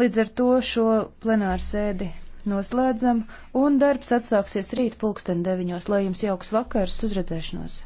Līdz ar to šo plenāru sēdi noslēdzam, un darbs atsāksies rīt pulksten deviņos, lai jums jauks vakars uzredzēšanos!